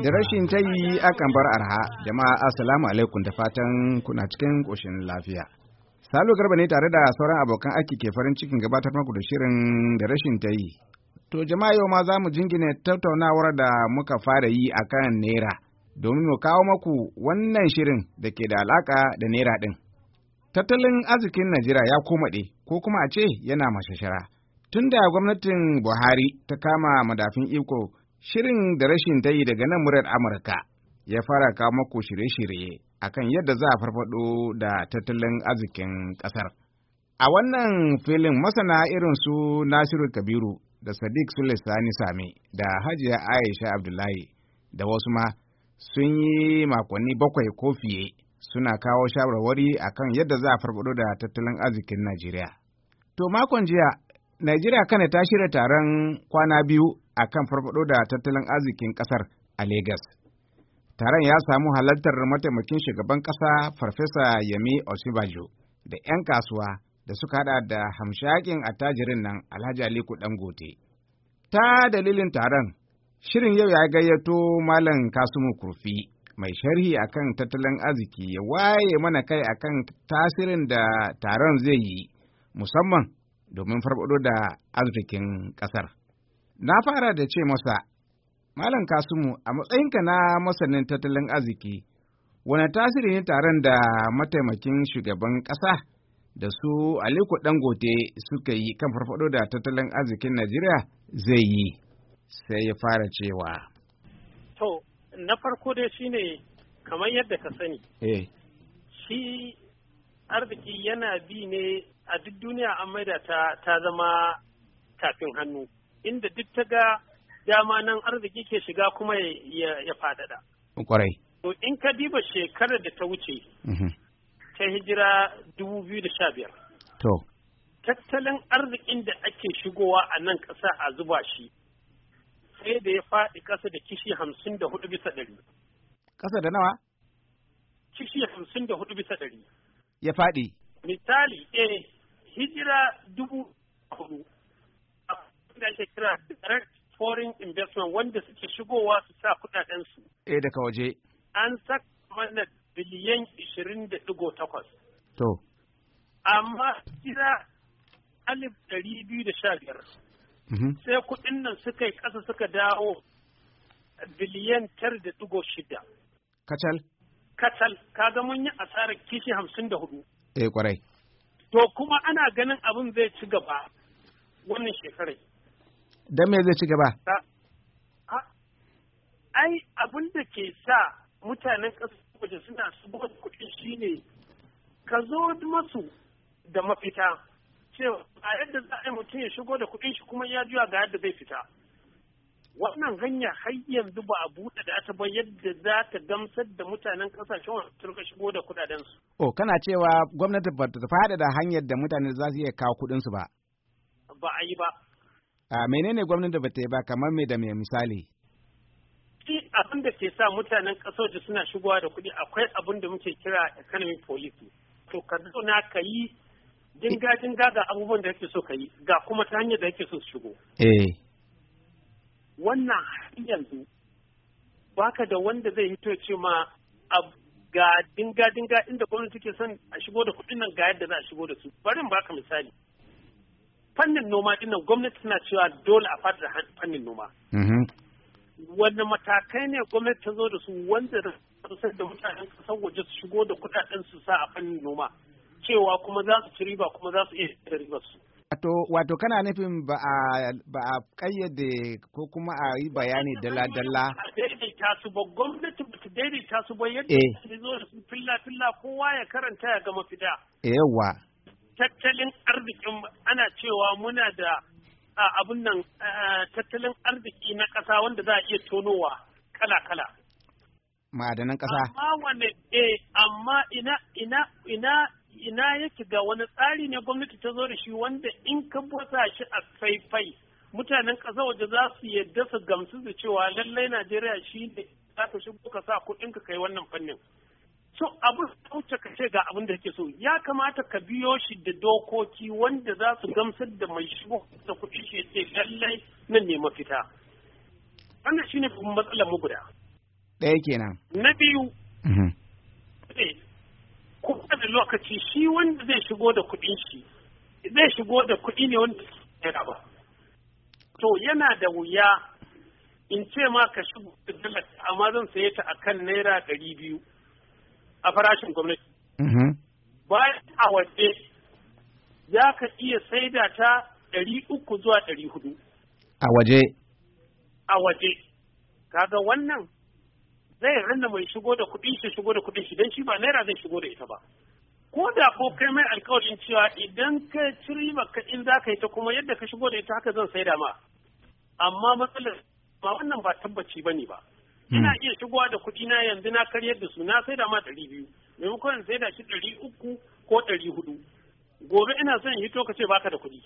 Da rashin ta yi akan bar arha, jama'a assalamu alaikum da fatan kuna cikin ƙoshin lafiya. Salo Garba ne tare da sauran abokan aiki ke farin cikin gabatar maku da shirin da rashin ta yi. To jama'a yau ma za mu jingine tattaunawar da muka fara yi akan Naira domin mu kawo maku wannan shirin da ke da alaka da Naira ɗin. Tattalin arzikin Najeriya ya komaɗe ko kuma a ce yana mashashara. Tun da gwamnatin Buhari ta kama madafin iko shirin da rashin ta yi daga nan murar Amurka ya fara kawo mako shirye-shirye a kan yadda za a farfado da tattalin arzikin ƙasar. A wannan filin masana irin su Nasiru Kabiru da Sadiq Sule Sani Sami da Hajiya Aisha Abdullahi da wasu ma sun yi makonni bakwai ko fiye suna kawo shawarwari akan yadda za a farfado da tattalin arzikin Najeriya. To makon jiya Najeriya kana ta shirya taron kwana biyu a kan farfado da tattalin arzikin ƙasar a Legas. Taron ya samu halartar mataimakin shugaban ƙasa Farfesa Yemi Osibajo da 'yan kasuwa da suka hada da hamshakin attajirin nan Alhaji Aliko Dangote. Ta dalilin taron, shirin yau ya gayyato Malam Kasumu Kurfi mai sharhi akan tattalin arziki ya waye mana kai akan tasirin da taron zai yi musamman domin farfado da arzikin ƙasar. Na fara da ce masa, Malam Kasumu, a matsayinka na masanin tattalin arziki, wani tasiri ne taron da mataimakin shugaban ƙasa da su Aliko Dangote suka yi kan farfado da tattalin arzikin Najeriya zai yi, sai ya fara cewa. To, na farko dai shi ne kamar yadda ka sani. Eh, shi arziki yana bi ne a duk duniya an maida ta ta zama tafin hannu inda duk ta ga dama nan arziki ke shiga kuma ya faɗaɗa. Kwarai. To in ka diba shekarar da ta wuce mhm. ta hijira dubu biyu da sha biyar. To. Tattalin arzikin da ake shigowa a nan ƙasa a zuba shi sai da ya faɗi ƙasa da kishi hamsin da hudu bisa ɗari. Ƙasa da nawa? Kishi hamsin da hudu bisa ɗari. Ya faɗi. Misali, eh, hijira dubu hudu da ake kira direct foreign investment wanda suke shigowa su sa kudaden su eh daga waje an saka mana biliyan takwas. to amma hijira alif ɗari biyu da sha biyar mhm. sai kuɗin nan suka yi ƙasa suka dawo biliyan tar da ɗigo shida kacal kacal ga mun yi asarar kishi hamsin da hudu eh kwarai to kuma ana ganin abin zai ci gaba wannan shekarar don me zai ci gaba ai abin da ke sa mutanen ƙasar waje suna subuwa kuɗi shine ka zo masu da mafita cewa a yadda za a yi mutum ya shigo da kuɗin shi kuma ya juya ga yadda zai fita wannan hanya har yanzu ba a buɗe da ta ba yadda za ta gamsar da mutanen kasashen wasu turka shigo da kudaden su. Oh, kana cewa gwamnati ba ta faɗa da hanyar da mutane za su iya kawo kuɗin su ba. Ba a yi ba. A menene gwamnati ba ta yi ba kamar me da me misali? Ki abin da ke sa mutanen kasashe suna shigowa da kuɗi akwai abin da muke kira economy policy. To ka zauna ka yi dinga-dinga eh. ga abubuwan da kake so ka yi ga kuma ta hanyar da kake so su shigo. Eh. wannan yanzu baka da wanda zai hito ce ma ga dinga dinga inda gwamnati ke son a shigo da kuɗin nan ga yadda za a shigo da su barin baka misali fannin noma din nan gwamnati suna cewa dole a fadar fannin noma mm-hmm. wanda matakai ne gwamnati ta zo da su wanda da da mutanen kasar waje su shigo da kuɗaɗen su sa a fannin noma cewa kuma za su ci riba kuma za su iya riba su Wato, wato kana nufin ba a kayyade ko kuma a yi bayani dala-dala. daidaita su ba gwamnati ba ta daidaita su ba yadda ta eh. zo da su filla-filla kowa ya karanta ya ga fita. Yawa. Tattalin arzikin ana cewa muna da abun nan tattalin arziki na ƙasa wanda za a iya tonowa kala-kala. Ma'adanan ƙasa. Amma wane eh amma ina ina ina ina yake ga wani tsari ne gwamnati ta zo da shi wanda in ka bota shi a faifai mutanen ƙasa waje za su yadda su gamsu da cewa lallai najeriya shi ne za ka shigo ka sa kuɗin ka kai wannan fannin so abu wuce ka ce ga abin da kake so ya kamata ka biyo shi da dokoki wanda za su gamsar da mai shigo da kuɗi shi ce lallai nan ne mafita wannan shi ne matsalar mu guda ɗaya kenan na biyu mhm. eh, kowane lokaci shi wanda zai shigo da kuɗin shi zai shigo da kuɗi ne wanda yana ba to yana da wuya in ce ma ka shigo da dalar amma zan saye ta a kan naira ɗari biyu a farashin gwamnati mm-hmm. bayan a waje za ka iya saida ta ɗari uku zuwa ɗari hudu a waje a waje kaga wannan Zai rinna mai shigo da kuɗi shi shigo da kuɗi shi don shi ba naira zai shigo da ita ba ko da ko kai mai alkawarin cewa idan ka ci riba ka in za ka yi ta kuma yadda ka shigo da ita haka zan saida ma amma matsalar ba wannan ba tabbaci ba ne ba hmm. ina iya shigowa da kuɗi na yanzu na karyar da su na saida ma ɗari biyu maimakon in saida shi ɗari uku ko ɗari hudu gobe ina son hito ka ce baka da kuɗi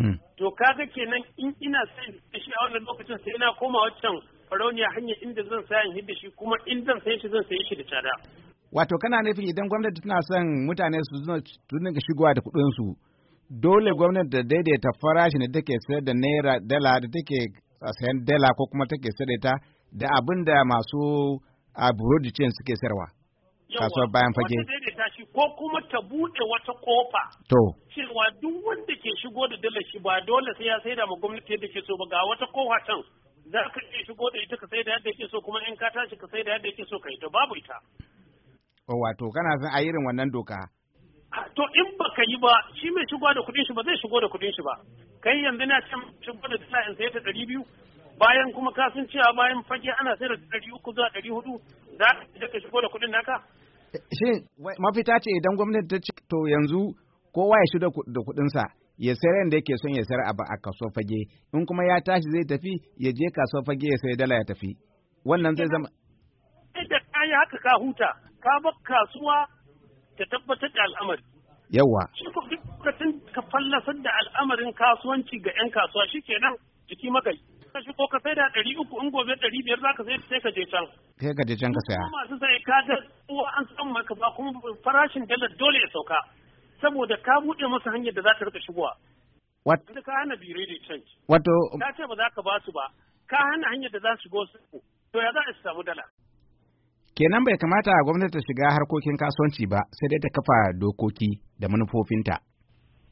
hmm. to kaga kenan in ina son shi a wannan lokacin sai na koma waccan barauniya hanyar inda zan sayan hidda shi kuma in zan sayi shi zan sayi shi da tsada. Wato kana nufin idan gwamnati tana son mutane su dinga shigowa da kuɗinsu dole gwamnati da daidaita farashin da take sayar da naira dala da take sayan dala ko kuma take sayar da da abin da masu a burodi chain suke sayarwa. Kasuwar bayan fage. ko kuma ta buɗe wata kofa. To. Cewa duk wanda ke shigo da dala shi ba dole sai ya da ma gwamnati yadda ke so ba ga wata kofa can za ka iya shigo da ita ka sai da yadda yake so kuma in ka tashi ka sai da yadda yake so ka yi to babu ita. Oh, wato kana son a irin wannan doka. Ah, to in ba ka yi ba shi mai shigo da kuɗin shi ba zai shigo da kuɗin shi ba. Kai yanzu na can shigo da dala in sai ta ɗari biyu bayan kuma ka san cewa bayan fage ana sayar da ɗari uku zuwa ɗari hudu za ka shigo da kuɗin naka. Shin mafita ce idan gwamnati ta ce to yanzu kowa ya shigo da kuɗinsa. ya sayar yadda yake son ya sayar abu a kaso fage in kuma ya tashi zai tafi ya je kaso fage ya sayi dala ya tafi wannan zai zama da kayi haka ka huta ka bar kasuwa ta tabbatar da al'amari yawa shi ko lokacin ka fallasar da al'amarin kasuwanci ga yan kasuwa shi nan jiki maka ka shigo ka sai da ɗari uku in gobe ɗari biyar za ka sai sai ka je can sai ka je can ka saya masu sai ka ga an san maka ba kuma farashin dalar dole ya sauka saboda ka buɗe masa hanyar da za ta rika shigowa wanda ka hana bire da change wato ka ce ba za ka ba su ba ka hana hanyar da za su shigo su to ya za su samu dala kenan bai kamata gwamnati ta shiga harkokin kasuwanci ba sai dai ta kafa dokoki da manufofinta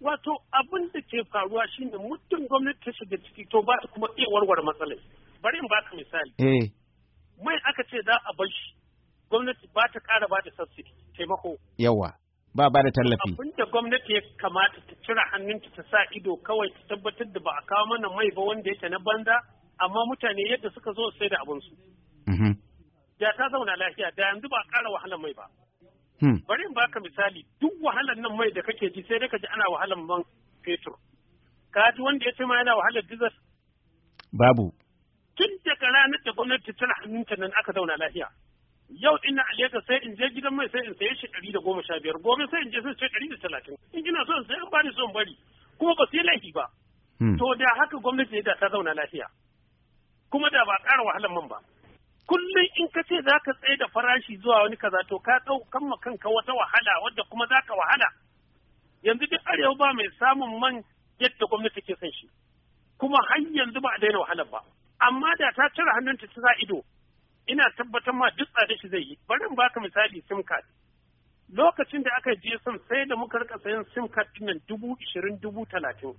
wato abin da ke faruwa shine muddin gwamnati ta shiga ciki to ba kuma iya warware matsalar bari in baka misali eh mai aka ce za a bar shi gwamnati ba ta ƙara ba da subsidy taimako. Yawa. ba ba da tallafi abin da gwamnati ya kamata ta cire hannunta ta sa ido kawai ta tabbatar da ba a kawo mana mai ba wanda yake na banza amma mutane yadda suka zo sai da abin su mm-hmm. da ta zauna lafiya da yanzu ba a ƙara wahalar mai ba hmm. bari in baka misali duk wahalar nan mai da kake ji sai dai ka ji ana wahalar man fetur ka ji wanda ya ce ma yana wahalar dizar babu tun daga ranar da gwamnati ta cire hannunta nan aka zauna lafiya yau ina a sai in je gidan mai sai in sayi shi ɗari da goma sha biyar gobe sai in je sai ce ɗari da talatin in ina so in sai in bani son bari kuma ba sai laifi ba. Hmm. To da haka gwamnati ne da ta zauna lafiya kuma da ba ƙara wahalar man ba. Kullum in ka ce za ka tsaye da farashi zuwa wani kaza to ka ɗaukan ma kanka wata wahala wadda kuma za ka wahala. Yanzu duk arewa ba mai samun man yadda gwamnati ke son shi. Kuma har yanzu ba a daina wahalar ba. Amma da ta cire hannunta ta sa ido ina tabbatar ma duk tsada shi zai yi bari in baka misali sim card lokacin da aka je son sai da muka rika sayan sim card nan dubu ishirin dubu talatin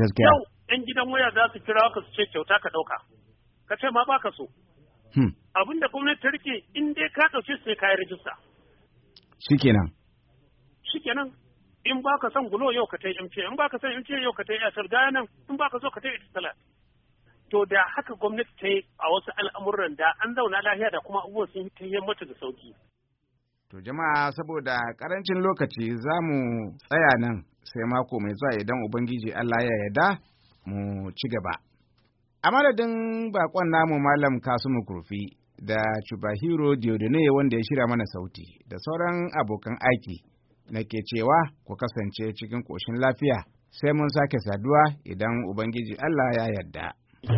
gaskiya yau yan gidan waya za su kira ka su ce kyauta ka ɗauka ka ce ma baka so hmm. abin da gwamnati ta rike in dai ka ɗauke sai ka yi rajista shikenan shikenan in baka son gulo yau ka ta yi in baka son mce yau ka ta yi asar gaya nan in baka so ka ta yi talatin to da haka gwamnati ta yi a wasu al'amuran da an zauna lafiya da kuma abubuwan sun yi mata da sauki. To jama'a saboda karancin lokaci za mu tsaya nan sai mako mai zuwa idan Ubangiji Allah ya yarda mu ci gaba. A madadin bakon namu Malam Kasumu Kurfi da Chubahiro Diodone wanda ya shirya mana sauti da sauran abokan aiki na ke cewa ku kasance cikin koshin lafiya sai mun sake saduwa idan Ubangiji Allah ya yarda. Ka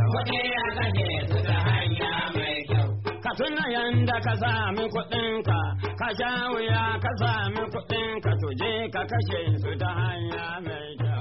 tuna yanda ka sami kuɗinka, ka sha wuya ka sami kuɗinka, to je ka kashe su ta hanya mai kyau.